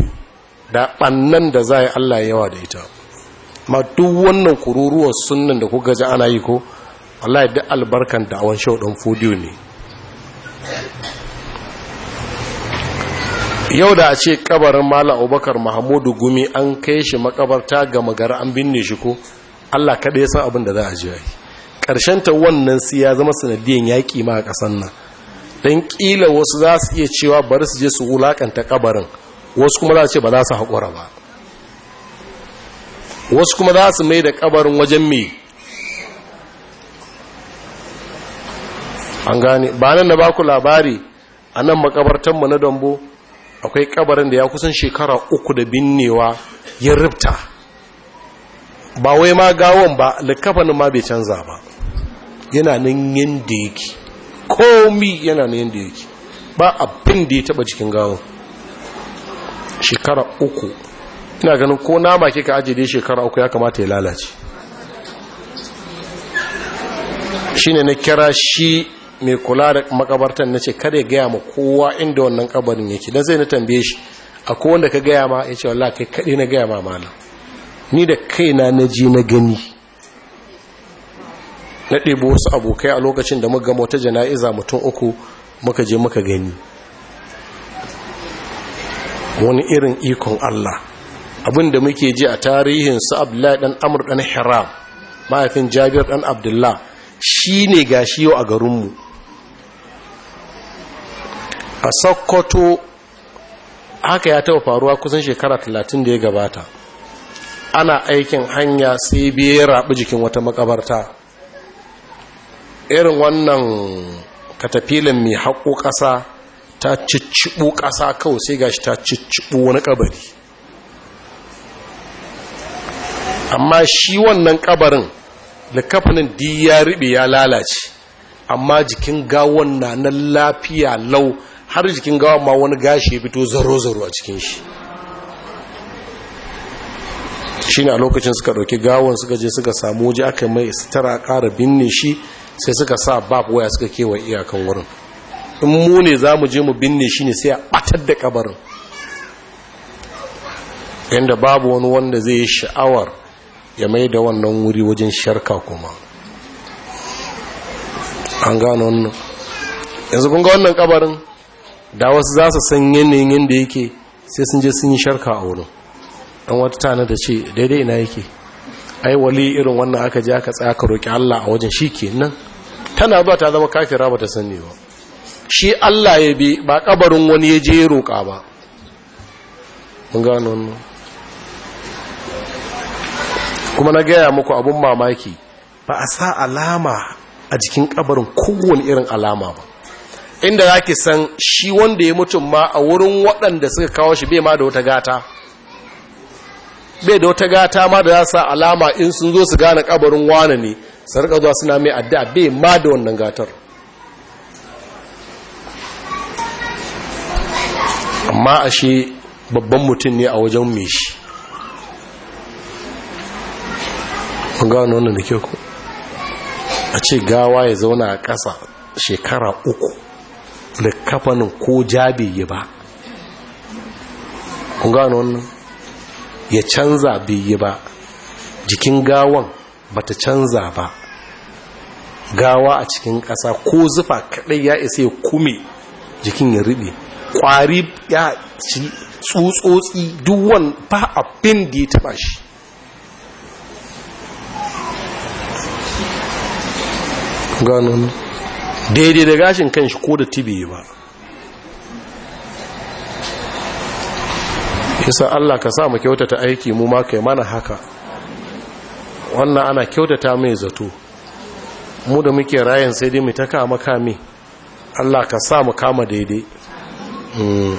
da bannan da za Allah yawa da ita ma duk wannan kururuwar sunnan da kuka ji ana yi ko wallahi duk albarkan da awon shau ɗan fudiyo ne yau da a ce kabarin mala abubakar mahamudu gumi an kai shi makabarta ga magara an binne shi ko allah kaɗai ya san abin da za a ji ƙarshen ta wannan su ya zama sanadiyan yaƙi ma a ƙasan nan don ƙila wasu za su iya cewa bari su je su wulaƙanta kabarin wasu kuma za su ce ba za su haƙura ba wasu kuma za su mai da kabarin wajen mai an gane ba nan na ba ku labari a nan makabartanmu na dambu akwai kabarin da ya kusan shekara uku da binnewa ya rubta ba wai ma gawon ba likafanin ma bai canza ba yana nan yadda yake komi yana nan yadda yake ba abin da ya taba cikin gawon shekara uku ina ganin ko nama ka ajiye dai shekara uku ya kamata ya lalace Shi ne na kira shi mai kula da makabartan na ce kare gaya ma kowa inda wannan kabarin yake dan sai na tambaye shi a wanda ka gaya ma ya ce wallah kai kaɗai na gaya ma malam ni da kaina na ji na gani na ɗebo wasu abokai a lokacin da muka wata jana'iza mutum uku muka je muka gani wani irin ikon Allah abin da muke ji a tarihin su abdullahi dan amur dan hiram mahaifin jabir dan abdullah shi ne gashi yau a garinmu a sokoto haka ya taɓa faruwa kusan shekara talatin da ya gabata ana aikin hanya sai biye raɓi jikin wata makabarta irin wannan katafilin mai haƙo ƙasa ta cicciɓo ƙasa kawai sai gashi ta cicciɓo wani ƙabari amma shi wannan ƙabarin da diya di ya ya lalace amma jikin gawon na nan lafiya lau har jikin gawa ma wani gashi ya fito zaro-zaro a cikin shi shi ne lokacin suka ɗauki gawon suka je suka samu waje aka mai sutura kara binne shi sai suka sa bab waya suka kewa iyakan wurin in mu ne za mu je mu binne shi ne sai a ɓatar da kabarin yadda babu wani wanda zai yi sha'awar ya mai da wannan wuri wajen sharka kuma an gano wannan yanzu kun ga wannan kabarin da wasu za su san yanayin yadda yake sai sun je sun yi sharka a wurin an wata tana da ce daidai ina yake ai wali irin wannan aka je aka ka roƙi Allah a wajen shi kenan tana zuwa ta zama kafira ba ta sani ba shi Allah ya bi ba kabarin wani ya je roƙa ba mun gano wannan kuma na gaya muku abun mamaki ba a sa alama a jikin kabarin kowane irin alama ba inda za ki san shi wanda ya mutum ma a wurin waɗanda suka kawo shi bai ma da wata gata bai da wata gata ma da za sa alama in sun zo su gane kabarin wane ne su zuwa suna mai addu'a bai ma da wannan gatar amma ashe babban mutum ne a wajen mai shi gano wannan da ke ku a ce gawa ya zauna a ƙasa shekara uku da kafanin ko jabe yi ba kun gano wannan ya canza bai yi ba jikin gawan bata canza ba gawa a cikin ƙasa ko zufa kaɗai ya isa ya kume jikin ya riɓe ƙwari ya ci tsutsotsi duwan ba abin da ya taɓa shi gano daidai da gashin kan shi ko da tibi ba isa Allah ka sa mu kyautata aiki mu ma kai mana haka wannan ana kyautata mai zato mu da muke rayan sai dai mu ta kama kame Allah ka sa mu kama daidai hmm.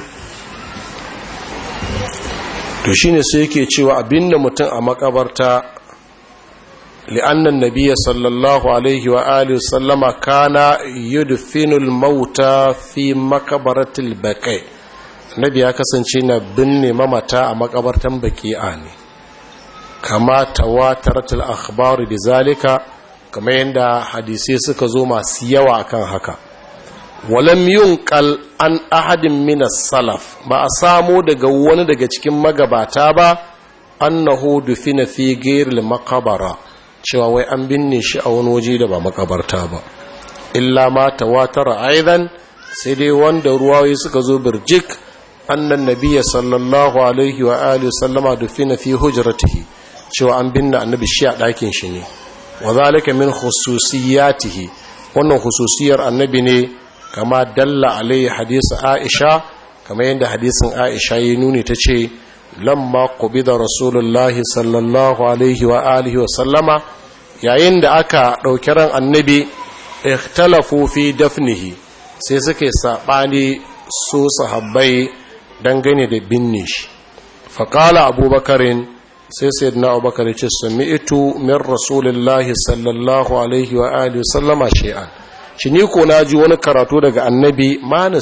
to shine sai yake cewa abinda mutum a makabarta li'annan nabiya sallallahu alaihi wa alihi sallama kana yudfinul mauta fi makabaratil baqi nabi ya kasance na binne mamata a makabartan baki'a ne kama tawataratul akhbar da zalika kamar yadda hadisai suka zo masu yawa akan haka walam yunqal an ahadin minas salaf ba a samo daga wani daga cikin magabata ba annahu dufina fi ghairil cewa wai an binne shi a wani waje da ba makabarta ba illa ma tawatara aidan sai dai wanda ruwaye suka zo birjik annan Nabiya sallallahu alaihi wa alihi sallama dufina fi hujratihi cewa an binne annabi shi a ɗakin shi ne wa zalika min khususiyatihi wannan khususiyar annabi ne kama dalla alaihi hadisi aisha kamar yadda hadisin aisha ya nuni ta ce lamma kubida rasulullahi sallallahu alaihi wa alihi wa sallama yayin da aka ɗauki ran annabi ikhtalafu fi dafnihi sai suke saɓani su sahabbai dangane da binne shi faƙala abubakarin sai sai na abubakar ce sami ito min rasulullahi sallallahu alaihi wa alihi sallama shi'an shi ni ko na ji wani karatu daga annabi ma na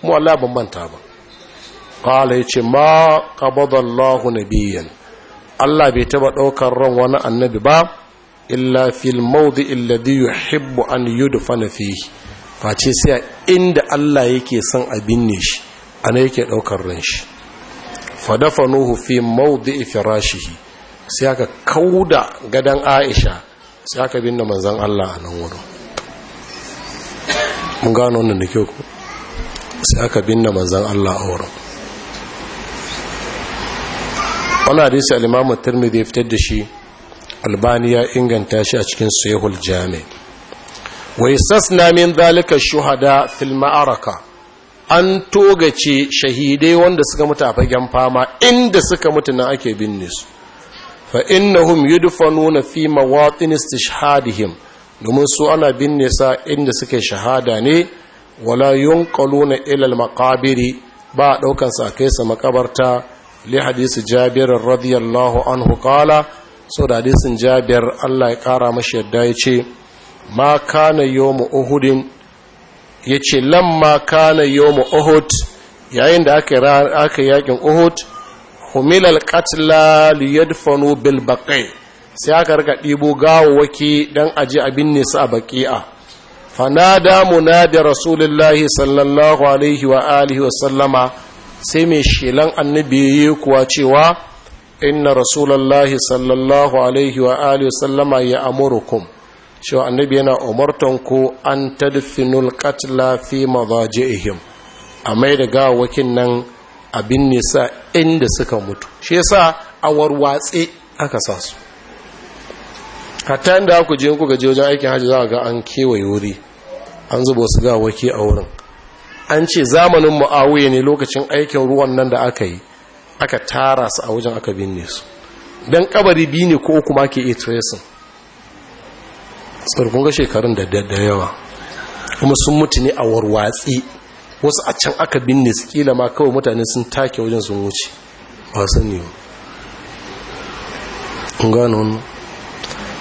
kuma Allah ban manta ba قال ya ce ma الله نبيا Allah bai taɓa ɗaukar ran wani annabi ba illa fil maudi illadi yuhibbu an yudfana fihi face sai inda Allah yake son a binne shi ana ɗaukar ran shi fadafanuhu fi firashihi aka kauda gadan Aisha sai aka binne manzon Allah a mun gano wannan da kyau sai aka binne manzon Allah a wurin wani hadisi al-imamu ya fitar da shi albani ya inganta shi a cikin sahihul jami wai sasna min zalika shuhada fil ma'araka an togace shahidai wanda suka mutu a fagen fama inda suka mutu na ake binne su fa innahum na fi mawatin istishhadihim domin su ana binne sa inda suke shahada ne wala yunqaluna ila al maqabiri ba daukan sa kai sa makabarta li hadisi jabir radiyallahu anhu kala so da hadisin jabir Allah ya kara mashi yadda ya ce ma kana yawmu uhudin ya ce lamma kana yawmu uhud yayin da aka aka yakin uhud humilal qatla li yadfanu bil sai aka rika ɗibo waki don aji abin nisa a baƙi'a fanada munadi rasulullahi sallallahu alaihi wa alihi wa sallama sai mai shelan annabi ya kuwa cewa inna rasulallahi sallallahu alaihi wa alihi sallama ya amurukum cewa annabi yana umartan ku an tadfinul qatla fi madaji'ihim a mai da gawakin nan abin nisa inda suka mutu shi yasa a warwatse aka sa su hatta inda ku je kuka je wajen aikin hajji za ga an kewaye wuri an zubo su gawaki a wurin an ce zamanin mu'awiya ne lokacin aikin ruwan nan da aka yi aka tara su a wajen aka binne su don kabari biyu ne ko kuma ke iya tracing tsarkun ga shekarun da da yawa kuma sun mutu ne a warwatsi wasu a can aka binne su kila ma kawai mutane sun take wajen sun wuce ba sani ba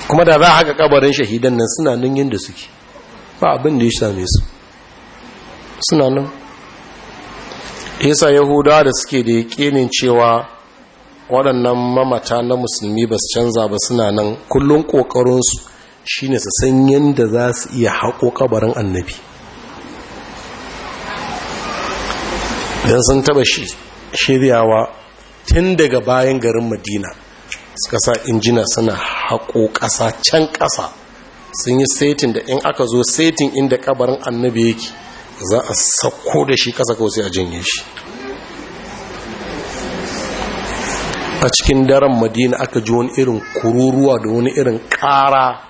kuma da za a haka kabarin shahidan nan suna nan da suke ba abin da ya same su suna nan isa yahudawa da suke da yakinin cewa waɗannan mamata na musulmi ba su canza ba suna nan kullum ƙoƙarinsu shi ne su san yadda za su iya haƙo ƙabarin annabi don sun taba shiryawa tun daga bayan garin madina suka sa injina suna haƙo ƙasa can ƙasa sun yi setin da in aka zo setin inda ƙabarin annabi yake za a sako da shi kasa kawai sai a janye shi a cikin daren madina aka ji wani irin kururuwa da wani irin kara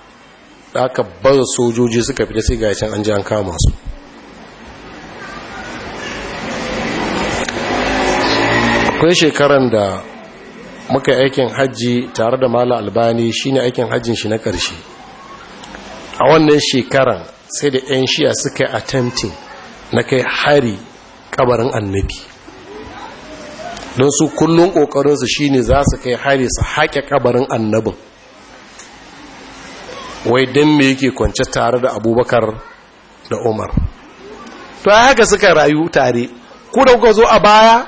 da aka baza sojoji suka fita sai ga can an ji an kama su akwai shekaran da muka aikin hajji tare da mala albani shine aikin hajjin shi na karshe a wannan shekaran sai da 'yan shiya suka yi attempting na kai hari kabarin annabi don su kullum ƙoƙarinsu shine za su kai hari su haƙe kabarin annabin wai don me yake kwance tare da abubakar da umar to haka suka rayu tare ku da kuka zo a baya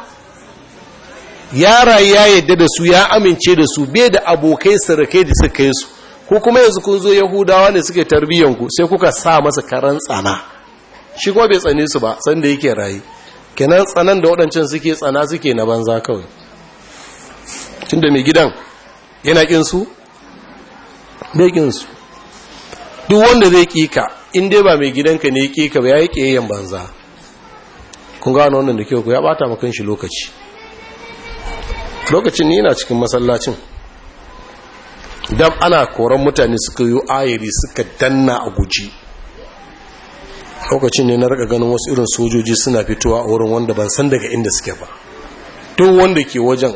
ya rayu ya yadda da su ya amince da su bai da abokai sarakai da suka yi su ko kuma yanzu kun zo yahudawa ne suke tarbiyyanku sai kuka sa masa karan tsana shi kuma bai tsane su ba sanda yake rayu kenan tsanan da waɗancan suke tsana suke na banza kawai tunda mai gidan yana kin su bai kin duk wanda zai kika in dai ba mai gidanka ne kika ba yi kiyayen banza kun gano wannan da kyau ku ya bata maka shi lokaci lokacin ni yana cikin masallacin dan ana koran mutane suka yi ayiri suka danna a guji lokacin ne na raka ganin wasu irin sojoji suna fitowa a wurin wanda ban san daga inda suke ba duk wanda ke wajen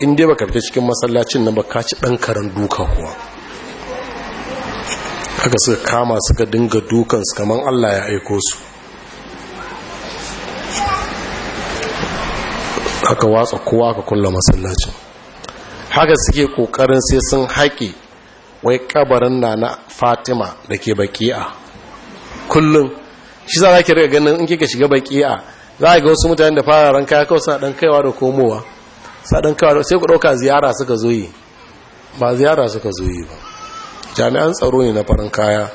inda dai baka fita cikin masallacin nan ba ka ci dan karan duka kuwa haka suka kama suka dinga dukan su kaman Allah ya aiko su haka watsa kowa ka kulla masallacin haka suke kokarin sai sun haƙe wai kabarin na na Fatima da ke baki'a kullum shi za a riga ganin in kika shiga a za a ga wasu mutane da fara ranka ya kawai sadan kaiwa da komowa sa kaiwa sai ku ɗauka ziyara suka zo yi ba ziyara suka zo yi ba jami'an tsaro ne na farin kaya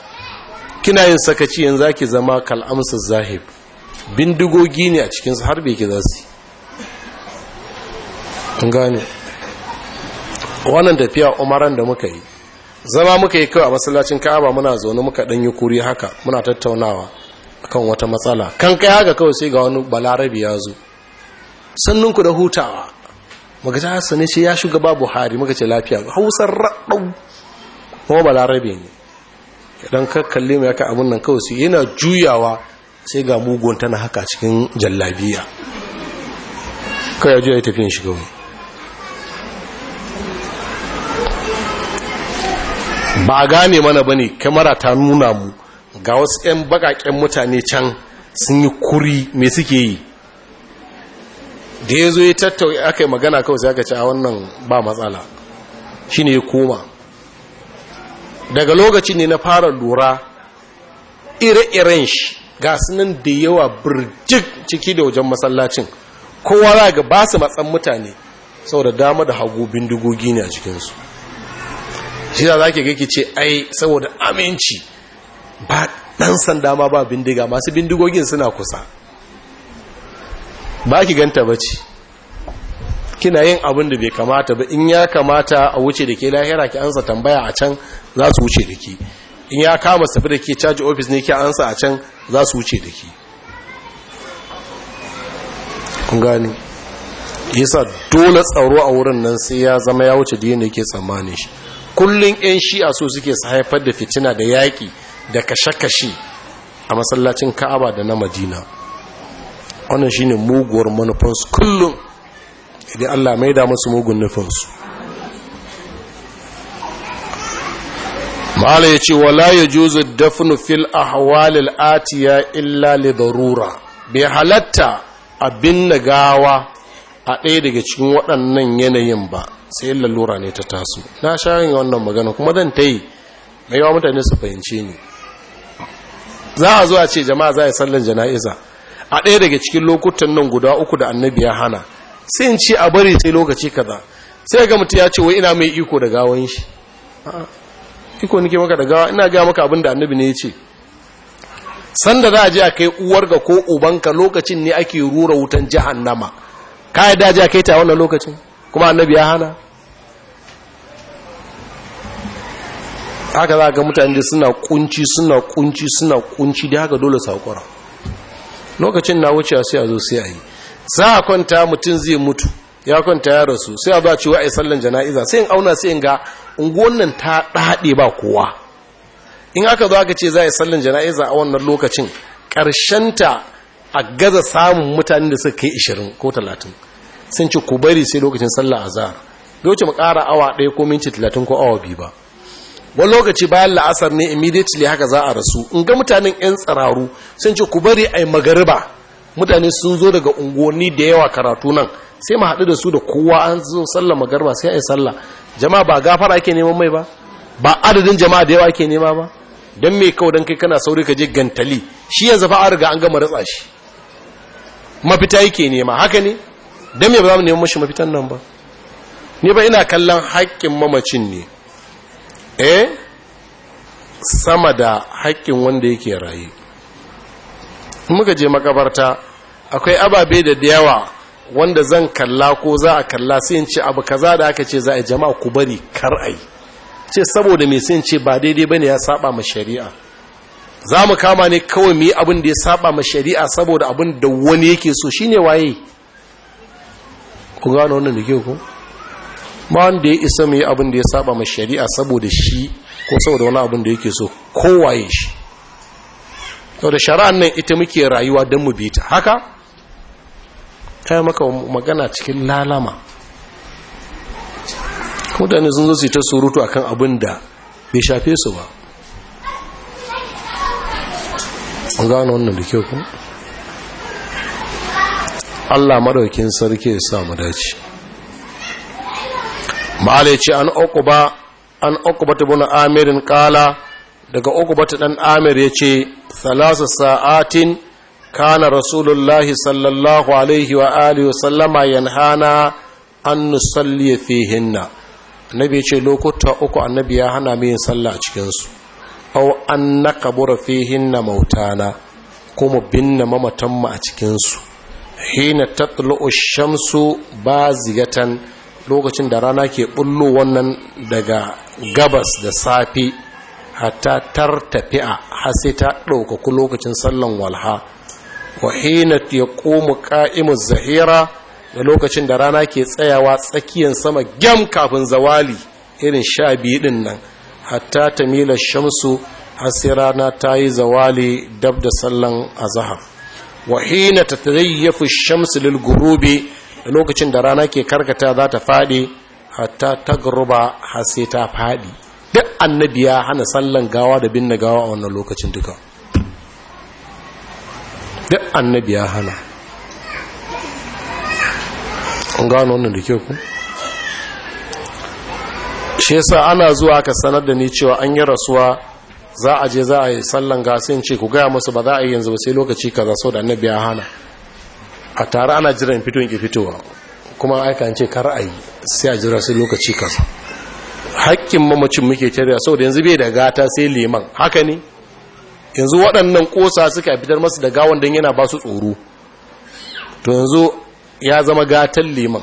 kina yin sakaci yanzu zaki zama kal kal'amsa zahib bindigogi ne a cikinsu har bai ki za su yi wannan tafiya umaran da muka yi zama muka yi kawai a masallacin ka'aba muna zaune muka dan yi kuri haka muna tattaunawa akan wata matsala kan kai haka kawai sai ga wani balarabi ya zo sannun ku da hutawa muka ta hasane shi ya shugaba buhari muka ce lafiya hausar raɗau kuma balarabe ne idan ka kalli mu yaka abun nan kawai sai yana juyawa sai ga mugun tana haka cikin jallabiya kawai ya juya ya shi kawai ba gane mana bane kamara ta nuna mu ga wasu 'yan bakaƙen mutane can sun yi kuri mai suke yi da ya zo ya tattau aka yi magana kawai sai aka ce a wannan ba matsala shi ne ya koma daga lokacin ne na fara lura ire-iren shi ga sunan da yawa birjik ciki da wajen masallacin kowa za ga ba su matsan mutane sau da dama da hagu bindigogi ne a cikinsu shi za ga ki gaki ce ai saboda aminci ba ɗan sanda ma ba bindiga masu bindigogin suna kusa ba ki ganta ba ce kina yin abin da bai kamata ba in ya kamata a wuce da ke lahira ki ansa tambaya a can za su wuce da ke in ya kama safi da ke caji ofis ne ki ansa a can za su wuce da ke kun gani yasa dole tsaro a wurin nan sai ya zama ya wuce da yadda yake tsammanin shi Kullum yan shi'a so suke su haifar da fitina da yaƙi da kashe-kashe a masallacin ka'aba da na madina wannan shi ne muguwar manufansu kullum idan allah mai da masu mugun nufansu. ma'ala ya ce wa laye juzu dafnu fil ahwalil atiya illa li darura bai halatta abin gawa a ɗaya daga cikin waɗannan yanayin ba sai lalura ne ta taso na shayin wannan magana kuma zan ta yi mai yawa mutane su fahimce ni za a zuwa ce jama'a za a yi sallan jana'iza a ɗaya daga cikin lokutan nan guda uku da annabi ya hana sai in ce a bari sai lokaci kaza sai ga mutum ya ce wai ina mai iko da gawan shi iko nake maka da gawa ina ga maka abin da annabi ne ya ce sanda za a je a kai uwar ga ko ubanka lokacin ne ake rura wutan jahannama ka da daji a kai ta wannan lokacin kuma annabi ya hana haka za ga mutane da suna kunci suna kunci suna kunci da haka dole saukura lokacin na wuce sai a zo sai a yi za a kwanta mutum zai mutu ya kwanta ya rasu sai a zo a ce wa sallan jana'iza sai in auna sai in ga unguwan ta daɗe ba kowa in aka zo aka ce za a yi sallan jana'iza a wannan lokacin ta a gaza samun mutane da suka kai 20 ko talatin. sun ci ku bari sai lokacin sallah azhar bai wuce mu ƙara awa ɗaya ko minti talatin ko awa biyu ba wani lokaci bayan la'asar ne immediately haka za a rasu in ga mutanen 'yan tsiraru sun ce ku bari a magariba mutane sun zo daga unguwanni da yawa karatu nan sai ma haɗu da su da kowa an zo sallah magariba sai a yi sallah jama'a ba gafara ake neman mai ba ba adadin jama'a da yawa ake nema ba don mai kawo don kai kana sauri ka je gantali shi yanzu fa an riga an gama ratsa shi mafita yake nema haka ne don me ba za mu nemi mashi mafitan nan ba ni ba ina kallon haƙƙin mamacin ne eh sama da haƙƙin wanda yake raye muka je makabarta akwai ababe da yawa wanda zan kalla ko za a kalla sai in ce abu kaza da aka ce za a jama'a ku bari kar ai ce saboda me sai in ce ba daidai bane ya saba ma shari'a za mu kama ne kawai mu yi abin da ya saba ma shari'a saboda abin da wani yake so shine waye ku gano wannan da ke ku Ba wanda ya isa mai abin da ya saba mai shari'a saboda shi ko saboda wani abin da yake so kowaye shi saboda shari'an nan ita muke rayuwa don mu bita haka kai maka magana cikin lalama mutane sun zo ta surutu akan abin da bai shafe su ba Ku gano wannan da kyau ku. Allah madaukin sarki ya samu dace ma'ala ce an uquba an uqubatu amirin ƙala. daga uqubatu ɗan amir ya ce, salasa sa'atin kana rasulullahi sallallahu alaihi wa alihi sallama yanhana an nusalli hinna. annabi ce lokuta uku annabi ya hana mu yin sallah a cikinsu. au an na kabura fi hinna mautana kuma binne mamatanmu mu a cikinsu? hina tatlu'u shamsu zigatan lokacin da rana ke bullo wannan daga gabas da safi hatta tartafi'a har sai ta ɗaukaku lokacin sallan walha wa hina yaqumu qa'imu zahira da lokacin da rana ke tsayawa tsakiyar sama gyam kafin zawali irin sha biyu din nan hatta tamila shamsu har rana ta yi zawali dab da sallan azhar wa hina tatazayyafu ash-shamsu lil lokacin da rana ke karkata za ta fadi hatta tagruba har sai ta fadi duk annabiya hana sallan gawa da binne gawa a wannan lokacin duka duk annabiya hana an gano wannan da kyau ku shi yasa ana zuwa ka sanar da ni cewa an yi rasuwa za a je za a yi sallan gasin ce ku gaya musu ba za a yi yanzu sai lokaci kaza so da annabi ya hana a tare ana jiran fito ki fitowa kuma aikan ce kar a yi sai a jira sai lokaci kaza hakkin mamacin muke tare sau da yanzu bai da gata sai liman haka ne yanzu waɗannan ƙosa suka fitar masu da gawan don yana ba su tsoro to yanzu ya zama gatan liman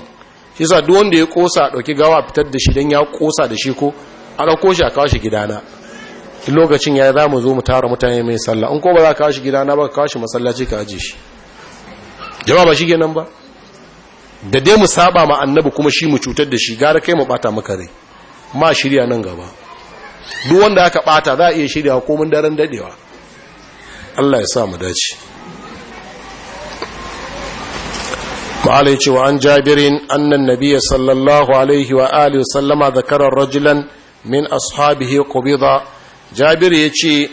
shi sa duk wanda ya ƙosa ɗauki gawa fitar da shi don ya ƙosa da shi ko a ɗauko shi a kawo shi gidana lokacin ya za mu zo mu tara mutane mai sallah in ko ba za ka kashi gida na ba ka kashi masallaci ka aje shi jama'a ba shi nan ba da dai mu saba ma annabi kuma shi mu cutar da shi gara kai mu bata maka rai ma shirya nan gaba duk wanda aka bata za a iya shirya komin daren dadewa Allah ya sa mu dace قال عن جابر أن النبي صلى wa عليه وآله وسلم ذكر رجلا من أصحابه قبضا jabir ya ce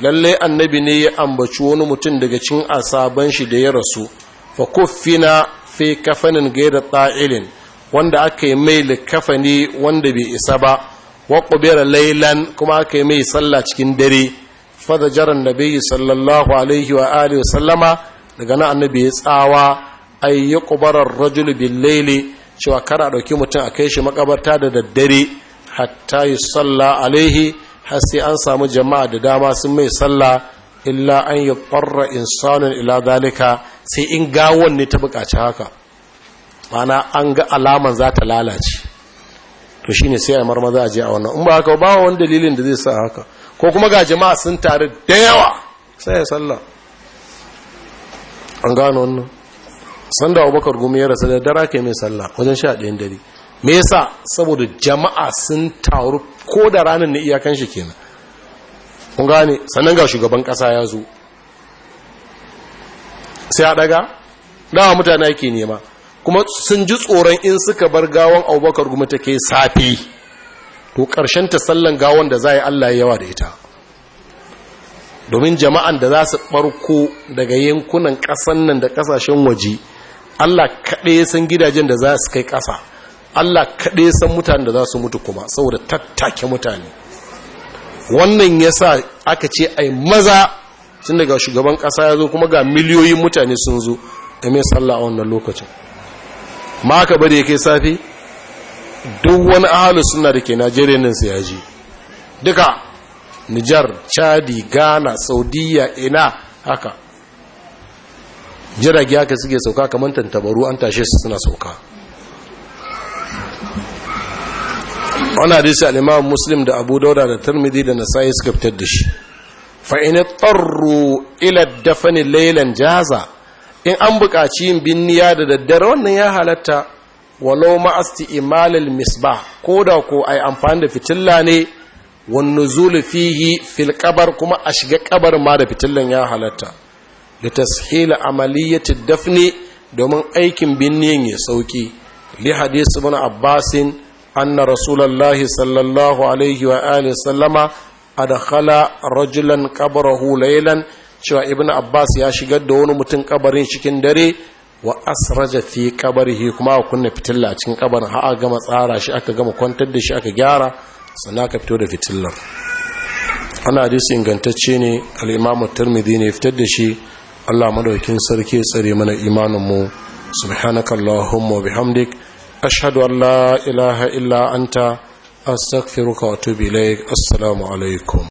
lalle annabi ne ya ambaci wani mutum daga cin asaban shi da ya rasu fa kuffina fi kafanin gaira ta'ilin wanda aka yi mai kafani wanda bai isa ba wa qubira laylan kuma aka yi mai sallah cikin dare fa da jaran yi sallallahu alaihi wa alihi wa sallama daga na annabi ya tsawa ay yuqbara ar-rajul bil-layli cewa kara a dauki mutum a kai shi makabarta da daddare hatta yusalla alaihi har sai an samu jama'a da dama sun mai sallah illa an yi ƙwarra insanin ila dalika sai in gawon ne ta buƙaci haka mana an ga alaman za ta lalace to shi ne sai a marmaza a je a wannan in ba haka ba wani dalilin da zai sa haka ko kuma ga jama'a sun tare da yawa sai ya sallah an gano wannan sanda abubakar gumi ya rasa da dara ke mai sallah wajen sha ɗayan dare me yasa saboda jama'a sun taru ko da ranar na iyakan shi kenan kun gane sannan ga shugaban kasa ya zo sai a daga dawa mutane yake nema kuma sun ji tsoron in suka bar gawon abubakar gumi ke safi to ƙarshen ta sallan gawon da za a yi allah yawa da ita domin jama'an da za su ɓarko daga yankunan ƙasan nan da ƙasashen waje allah kaɗai san gidajen da za su kai ƙasa Allah kaɗai san mutane da za su mutu kuma saboda tattake mutane wannan ya sa aka ce ai maza tun daga shugaban ƙasa ya zo kuma ga miliyoyin mutane sun zo da mai sallah a wannan lokacin ma aka bari ya kai safe. duk wani ahalus suna da ke najeriya nan su yaji duka nijar chadi ghana saudiya ina haka jirage haka suke sauka kamar tantabaru an tashe su suna sauka wani hadisi al'imam muslim da abu dauda da tarmidi da nasa'i suka fitar da shi fa'in tsarro ila dafani lailan jaza in an buƙaci yin binniya da daddare wannan ya halatta walau ma'asti imalil misbah ko da ko ai amfani da fitilla ne wani zulu fihi fil kabar kuma a shiga kabar ma da fitillan ya halatta da tashila amaliyyati dafni domin aikin binni ya sauki li hadisi bin abbasin anna rasulallahi sallallahu alaihi wa alihi sallama adkhala rajulan qabrahu laylan cewa ibn abbas ya shigar da wani mutum kabarin cikin dare wa asraja fi qabrihi kuma a kunna fitilla a cikin kabarin har gama tsara shi aka gama kwantar da shi aka gyara sannan aka fito da fitilar. ana hadisi ingantacce ne al-imamu tirmidhi ne fitar da shi Allah madaukin sarki ya tsare mana imanin mu subhanakallahumma wa bihamdika ashhadu an la ilaha illa anta astaghfiruka wa atubu assalamu alaikum